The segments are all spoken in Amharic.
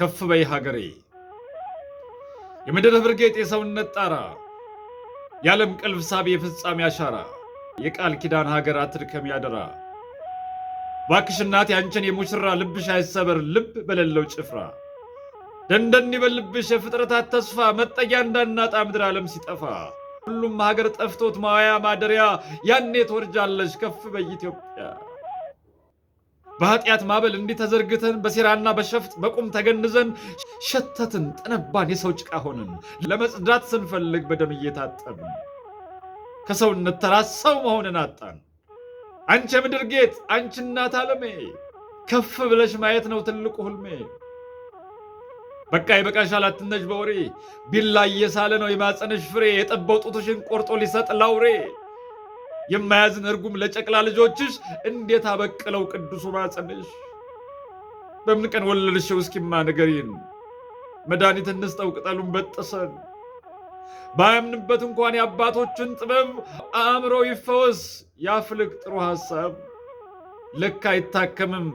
ከፍ በይ ሀገሬ የምድር ብርጌጥ የሰውነት ጣራ የዓለም ቀልብ ሳቢ የፍጻሜ አሻራ የቃል ኪዳን ሀገር አትድከም ያደራ ባክሽ እናት የሙሽራ ልብሽ አይሰበር ልብ በሌለው ጭፍራ ደንደን ይበልብሽ የፍጥረታት ተስፋ መጠጊያ እንዳናጣ ምድር ዓለም ሲጠፋ ሁሉም ሀገር ጠፍቶት ማዋያ ማደሪያ ያኔ ትወርጃለሽ ከፍ በይ ኢትዮጵያ በኃጢአት ማበል እንዲህ ተዘርግተን በሴራና በሸፍጥ በቁም ተገንዘን ሸተትን፣ ጠነባን፣ የሰው ጭቃ ሆንን። ለመጽዳት ስንፈልግ በደም እየታጠብን ከሰውነት ተራ ሰው መሆንን አጣን። አንቺ የምድር ጌጥ፣ አንቺ እናት ዓለሜ፣ ከፍ ብለሽ ማየት ነው ትልቁ ሁልሜ በቃ ይበቃሻል አትነሽ በወሬ ቢላ እየሳለ ነው የማፀነሽ ፍሬ የጠበው ጡትሽን ቆርጦ ሊሰጥ ላውሬ የማያዝን እርጉም ለጨቅላ ልጆችሽ እንዴት አበቅለው ቅዱሱ ማፀንሽ በምን ቀን ወለድሽው? እስኪማ ንገሪን። መድኃኒት እንስጠው ቅጠሉን በጥሰን ባያምንበት እንኳን የአባቶችን ጥበብ አእምሮ ይፈወስ ያፍልቅ ጥሩ ሐሳብ ልክ አይታከምም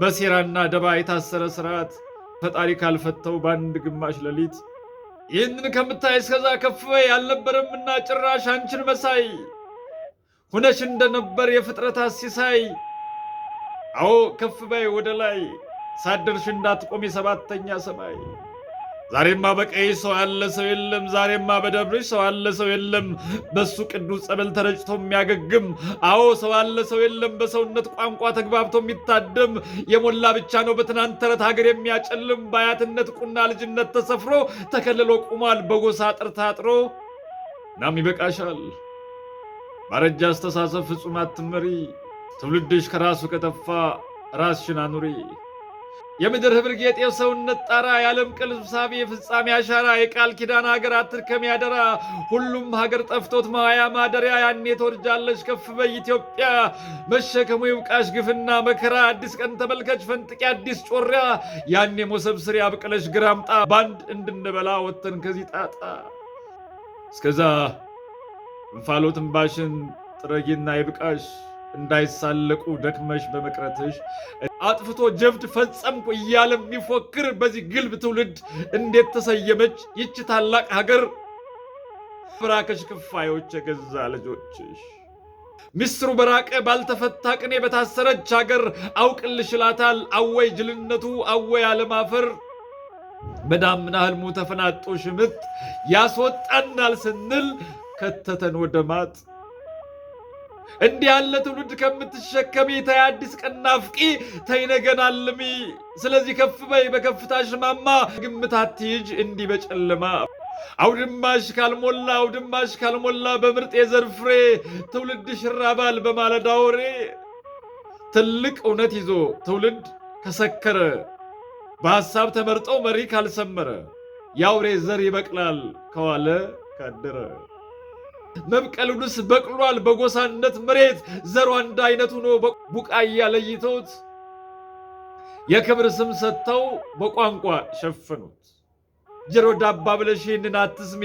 በሴራና ደባ የታሰረ ስርዓት ፈጣሪ ካልፈተው በአንድ ግማሽ ሌሊት ይህንን ከምታይ እስከዛ ከፍ ያልነበረምና ጭራሽ አንችን መሳይ ሁነሽ እንደነበር የፍጥረታት ሲሳይ አዎ ከፍ በይ ወደ ላይ ሳደርሽ እንዳትቆም የሰባተኛ ሰማይ ዛሬማ በቀይ ሰው ያለ ሰው የለም። ዛሬማ በደብርሽ ሰው ያለ ሰው የለም። በሱ ቅዱስ ጸበል ተረጭቶ የሚያገግም አዎ ሰው ያለ ሰው የለም። በሰውነት ቋንቋ ተግባብቶ የሚታደም የሞላ ብቻ ነው። በትናንት ተረት ሀገር የሚያጨልም በአያትነት ቁና ልጅነት ተሰፍሮ ተከልሎ ቁሟል። በጎሳ አጥር ታጥሮ ናም ይበቃሻል ባረጃ አስተሳሰብ ፍጹም አትመሪ። ትውልድሽ ከራሱ ከተፋ ራስሽን አኑሪ። የምድር ህብር ጌጥ፣ የሰውነት ጣራ፣ የዓለም ቅልብ ሳቢ፣ የፍጻሜ አሻራ፣ የቃል ኪዳን ሀገር አትርከም ያደራ። ሁሉም ሀገር ጠፍቶት ማዋያ ማደሪያ፣ ያኔ ተወርጃለሽ ከፍ በይ ኢትዮጵያ። መሸከሙ ይብቃሽ ግፍና መከራ፣ አዲስ ቀን ተመልከች ፈንጥቂ አዲስ ጮሪያ። ያኔ ሞሰብ ስር ያብቅለሽ ግራምጣ፣ ባንድ እንድንበላ ወጥተን ከዚህ ጣጣ እስከዛ እንፋሎት ባሽን ጥረጊና ይብቃሽ እንዳይሳለቁ ደክመሽ በመቅረትሽ አጥፍቶ ጀብድ ፈጸምኩ እያለ የሚፎክር በዚህ ግልብ ትውልድ እንዴት ተሰየመች ይቺ ታላቅ ሀገር? ፍራከሽ ክፋዮች የገዛ ልጆችሽ ሚስሩ በራቀ ባልተፈታ ቅኔ በታሰረች ሀገር አውቅልሽ እላታል። አወይ ጅልነቱ፣ አወይ አለማፈር በዳምና ህልሙ ተፈናጦ ሽምት ያስወጣናል ስንል ከተተን ወደ ማጥ። እንዲህ ያለ ትውልድ ከምትሸከሚ ተይ አዲስ ቀን ናፍቂ፣ ተይ ነገን አልሚ። ስለዚህ ከፍ በይ በከፍታሽ ማማ፣ ግምት አትይጅ እንዲህ በጨለማ። አውድማሽ ካልሞላ አውድማሽ ካልሞላ በምርጥ የዘር ፍሬ ትውልድ ሽራባል በማለዳ ወሬ። ትልቅ እውነት ይዞ ትውልድ ከሰከረ በሐሳብ ተመርጦ መሪ ካልሰመረ የአውሬ ዘር ይበቅላል ከዋለ ካደረ። መብቀል ሁሉስ በቅሏል በጎሳነት መሬት ዘሯ አንድ አይነቱ ነው ቡቃያ ለይተውት የክብር ስም ሰጥተው በቋንቋ ሸፈኑት። ጀሮ ዳባ ብለሽ ይህንን አትስሚ፣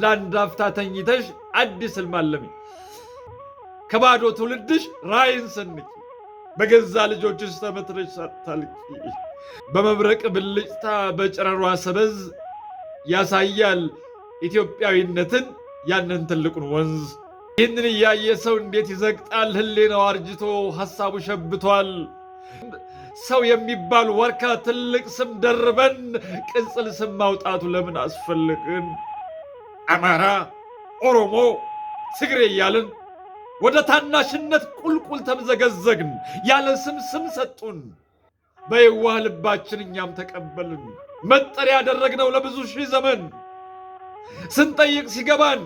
ለአንድ አፍታ ተኝተሽ አዲስ ልማለሚ ከባዶ ትውልድሽ ራይን ሰንቂ፣ በገዛ ልጆችሽ ተመትረሽ ሳታልቂ፣ በመብረቅ ብልጭታ በጨረሯ ሰበዝ ያሳያል ኢትዮጵያዊነትን ያንን ትልቁን ወንዝ ይህንን እያየ ሰው እንዴት ይዘግጣል? ነው አርጅቶ ሐሳቡ ሸብቷል። ሰው የሚባል ወርካ ትልቅ ስም ደርበን ቅጽል ስም ማውጣቱ ለምን አስፈልግን? አማራ፣ ኦሮሞ፣ ትግሬ እያልን ወደ ታናሽነት ቁልቁል ተምዘገዘግን። ያለ ስም ስም ሰጡን። በየዋህ ልባችን እኛም ተቀበልን። መጠሪያ ያደረግነው ለብዙ ሺህ ዘመን ስንጠይቅ ሲገባን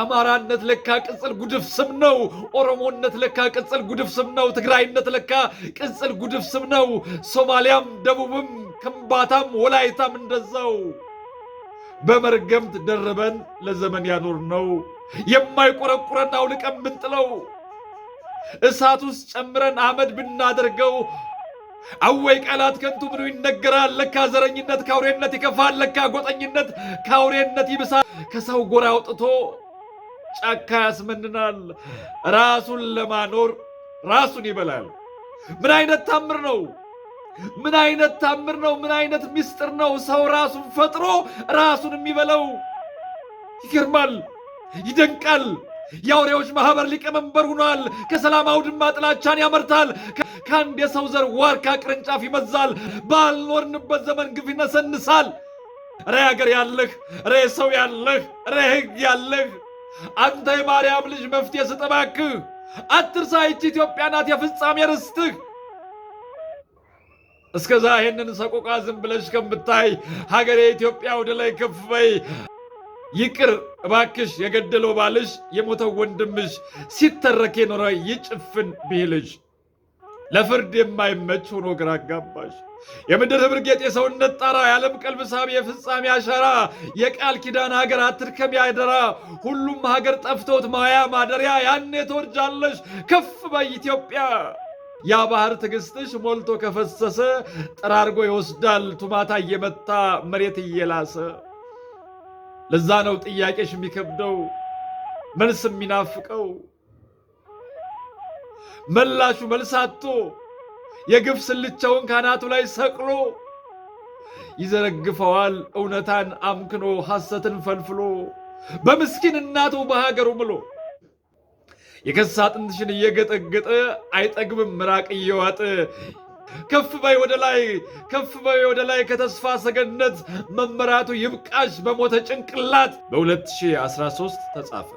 አማራነት ለካ ቅጽል ጉድፍ ስም ነው። ኦሮሞነት ለካ ቅጽል ጉድፍ ስም ነው። ትግራይነት ለካ ቅጽል ጉድፍ ስም ነው። ሶማሊያም፣ ደቡብም፣ ከምባታም ወላይታም እንደዛው በመርገምት ደርበን ለዘመን ያኖር ነው የማይቆረቁረን አውልቀን ብንጥለው እሳት ውስጥ ጨምረን አመድ ብናደርገው አወይ ቃላት ከንቱ ብሎ ይነገራል። ለካ ዘረኝነት ከአውሬነት ይከፋል። ለካ ጎጠኝነት ከአውሬነት ይብሳል። ከሰው ጎራ አውጥቶ ጫካ ያስመንናል። ራሱን ለማኖር ራሱን ይበላል። ምን አይነት ታምር ነው! ምን አይነት ታምር ነው! ምን አይነት ምስጢር ነው! ሰው ራሱን ፈጥሮ ራሱን የሚበላው ይገርማል፣ ይደንቃል። የአውሬዎች ማህበር ሊቀመንበር ሆኗል። ከሰላም አውድማ ጥላቻን ያመርታል። ከአንድ የሰው ዘር ዋርካ ቅርንጫፍ ይመዛል። ባልኖርንበት ዘመን ግፍ ይነሰንሳል። ሬ ሀገር ያለህ፣ ሬ ሰው ያለህ፣ ሬ ህግ ያለህ አንተ የማርያም ልጅ መፍትሄ ስጠባክህ አትርሳ። ይቺ ኢትዮጵያ ናት የፍጻሜ ርስትህ። እስከዛ ይህንን ሰቆቃ ዝም ብለሽ ከምታይ ሀገሬ ኢትዮጵያ ወደ ላይ ከፍ በይ። ይቅር እባክሽ የገደለው ባልሽ የሞተው ወንድምሽ ሲተረክ የኖረ ይጭፍን ብሂልሽ ለፍርድ የማይመች ሆኖ ግራ አጋባሽ። የምድር ህብርጌጥ የሰውነት ጣራ የዓለም ቀልብ ሳቢ የፍጻሜ አሻራ የቃል ኪዳን ሀገር አትድከም ያደራ ሁሉም ሀገር ጠፍቶት ማያ ማደሪያ ያኔ ትወርጃለሽ ከፍ በይ ኢትዮጵያ። ያ ባህር ትዕግስትሽ ሞልቶ ከፈሰሰ ጠራርጎ ይወስዳል ቱማታ እየመታ መሬት እየላሰ ለዛ ነው ጥያቄሽ የሚከብደው መልስ የሚናፍቀው መላሹ መልሳቶ የግፍ ስልቻውን ካናቱ ላይ ሰቅሎ ይዘረግፈዋል እውነታን አምክኖ ሐሰትን ፈልፍሎ በምስኪን እናቱ በሀገሩ ምሎ የከሳ አጥንትሽን እየገጠገጠ አይጠግብም ምራቅ እየዋጠ ከፍ በይ ወደ ላይ፣ ከፍ በይ ወደ ላይ። ከተስፋ ሰገነት መመራቱ ይብቃሽ በሞተ ጭንቅላት በ2013 ተጻፈ።